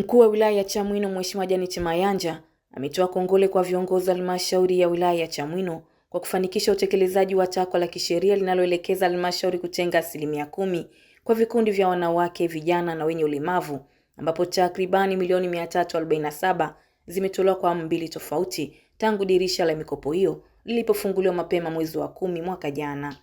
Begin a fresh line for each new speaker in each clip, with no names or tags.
Mkuu wa wilaya ya Chamwino Mheshimiwa Janeth Mayanja ametoa kongole kwa viongozi wa halmashauri ya wilaya ya Chamwino kwa kufanikisha utekelezaji wa takwa la kisheria linaloelekeza halmashauri kutenga asilimia kumi kwa vikundi vya wanawake, vijana na wenye ulemavu ambapo takribani milioni 347 saba zimetolewa kwa awamu mbili tofauti tangu dirisha la mikopo hiyo lilipofunguliwa mapema mwezi wa kumi mwaka jana.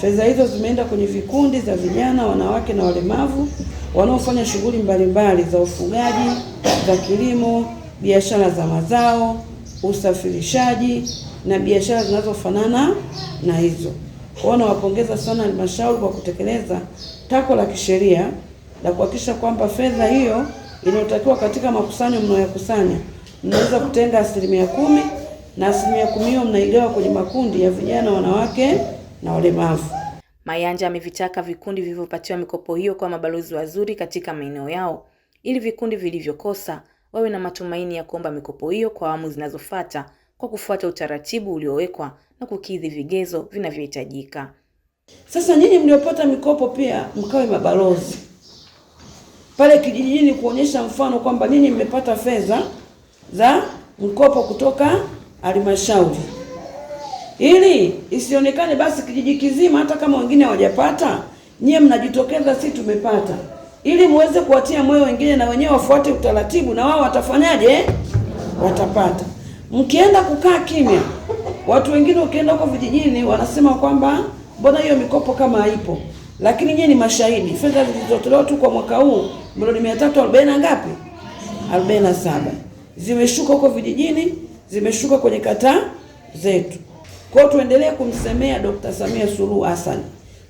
Fedha hizo zimeenda kwenye vikundi za vijana, wanawake na walemavu wanaofanya shughuli mbalimbali za ufugaji, za kilimo, biashara za mazao, usafirishaji na biashara zinazofanana na hizo. Kwao nawapongeza sana halmashauri kwa kutekeleza takwa la kisheria la kuhakikisha kwamba fedha hiyo inayotakiwa katika makusanyo mnayokusanya mnaweza kutenga asilimia kumi na asilimia kumi hiyo mnaigawa kwenye makundi ya vijana, wanawake na walemavu.
Mayanja amevitaka vikundi vilivyopatiwa mikopo hiyo kwa mabalozi wazuri katika maeneo yao ili vikundi vilivyokosa wawe na matumaini ya kuomba mikopo hiyo kwa awamu zinazofuata kwa kufuata utaratibu uliowekwa na kukidhi vigezo vinavyohitajika.
Sasa nyinyi mliopata mikopo pia mkawe mabalozi pale kijijini, kuonyesha mfano kwamba nyinyi mmepata fedha za mkopo kutoka halmashauri ili isionekane basi kijiji kizima, hata kama wengine hawajapata, nyie mnajitokeza, si tumepata, ili muweze kuwatia moyo wengine, na wenyewe wafuate utaratibu, na wao watafanyaje? Watapata. Mkienda kukaa kimya, watu wengine, ukienda huko vijijini, wanasema kwamba mbona hiyo mikopo kama haipo, lakini nyie ni mashahidi, fedha zilizotolewa tu kwa mwaka huu milioni mia tatu arobaini na ngapi, arobaini na saba zimeshuka huko vijijini, zimeshuka kwenye kata zetu. Kwa hiyo tuendelee kumsemea Dr. Samia Suluhu Hassan,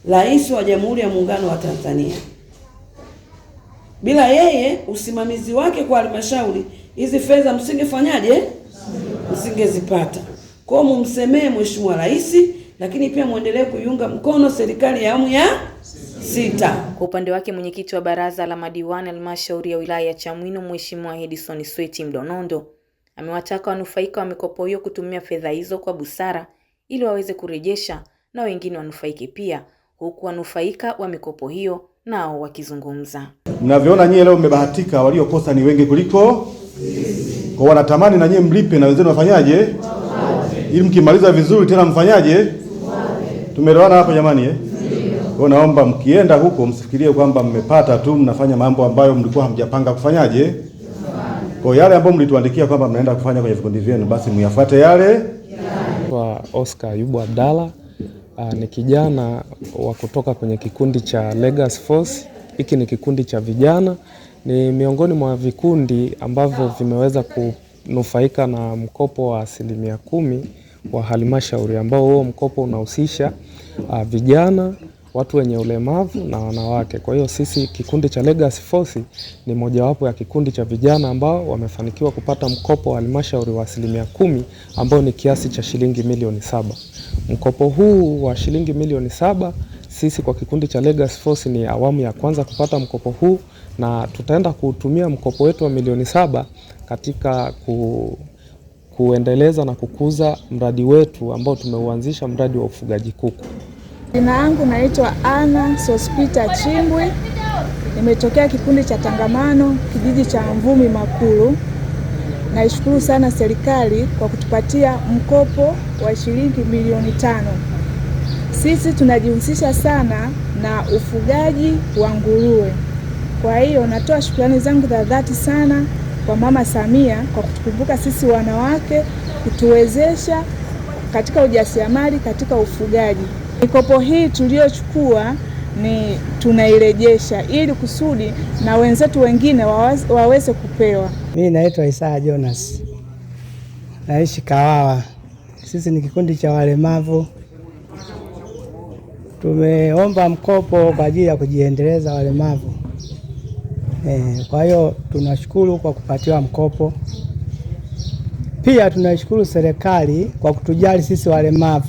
Rais wa Jamhuri ya Muungano wa Tanzania. Bila yeye usimamizi wake kwa halmashauri, hizi fedha msingefanyaje? Msingezipata. Kwa hiyo mumsemee Mheshimiwa Rais, lakini pia muendelee kuiunga mkono serikali ya awamu ya sita.
Kwa upande wake mwenyekiti wa baraza la madiwani halmashauri ya wilaya ya Chamwino Mheshimiwa Edison Sweti Mdonondo amewataka wanufaika wa mikopo hiyo kutumia fedha hizo kwa busara ili waweze kurejesha na wengine wanufaike pia, huku wanufaika wa mikopo hiyo nao wakizungumza.
Mnavyoona nyie leo mmebahatika, waliokosa ni wengi kuliko kwa wanatamani, na nyie mlipe na wenzenu wafanyaje, ili mkimaliza vizuri tena mfanyaje. Tumeelewana hapo jamani eh? Kwa naomba mkienda huko msifikirie kwamba mmepata tu, mnafanya mambo ambayo mlikuwa hamjapanga kufanyaje. Kwa yale ambayo mlituandikia kwamba mnaenda kufanya kwenye vikundi vyenu, basi myafuate yale, yale
naitwa Oscar yubu Abdalla. Uh, ni kijana wa kutoka kwenye kikundi cha Legacy Force. Hiki ni kikundi cha vijana, ni miongoni mwa vikundi ambavyo vimeweza kunufaika na mkopo wa asilimia kumi wa halmashauri ambao huo mkopo unahusisha uh, vijana watu wenye ulemavu na wanawake. Kwa hiyo sisi kikundi cha Legacy Force ni mojawapo ya kikundi cha vijana ambao wamefanikiwa kupata mkopo wa halmashauri wa asilimia kumi ambao ni kiasi cha shilingi milioni saba. Mkopo huu wa shilingi milioni saba sisi kwa kikundi cha Legacy Force ni awamu ya kwanza kupata mkopo huu, na tutaenda kuutumia mkopo wetu wa milioni saba katika ku, kuendeleza na kukuza mradi wetu ambao tumeuanzisha, mradi wa ufugaji kuku.
Jina langu naitwa Ana Sospita Chimbwi, nimetokea kikundi cha Tangamano, kijiji cha Mvumi Makulu. Naishukuru sana serikali kwa kutupatia mkopo wa shilingi milioni tano. Sisi tunajihusisha sana na ufugaji wa nguruwe, kwa hiyo natoa shukrani zangu za dhati sana kwa Mama Samia kwa kutukumbuka sisi wanawake, kutuwezesha katika ujasiriamali, katika ufugaji. Mikopo hii tuliyochukua ni tunairejesha ili kusudi na wenzetu wengine waweze kupewa.
Mimi naitwa Isaya Jonas, naishi Kawawa. Sisi ni kikundi cha walemavu, tumeomba mkopo kwa ajili ya kujiendeleza walemavu. E, kwa hiyo tunashukuru kwa kupatiwa mkopo. Pia tunashukuru serikali kwa kutujali sisi walemavu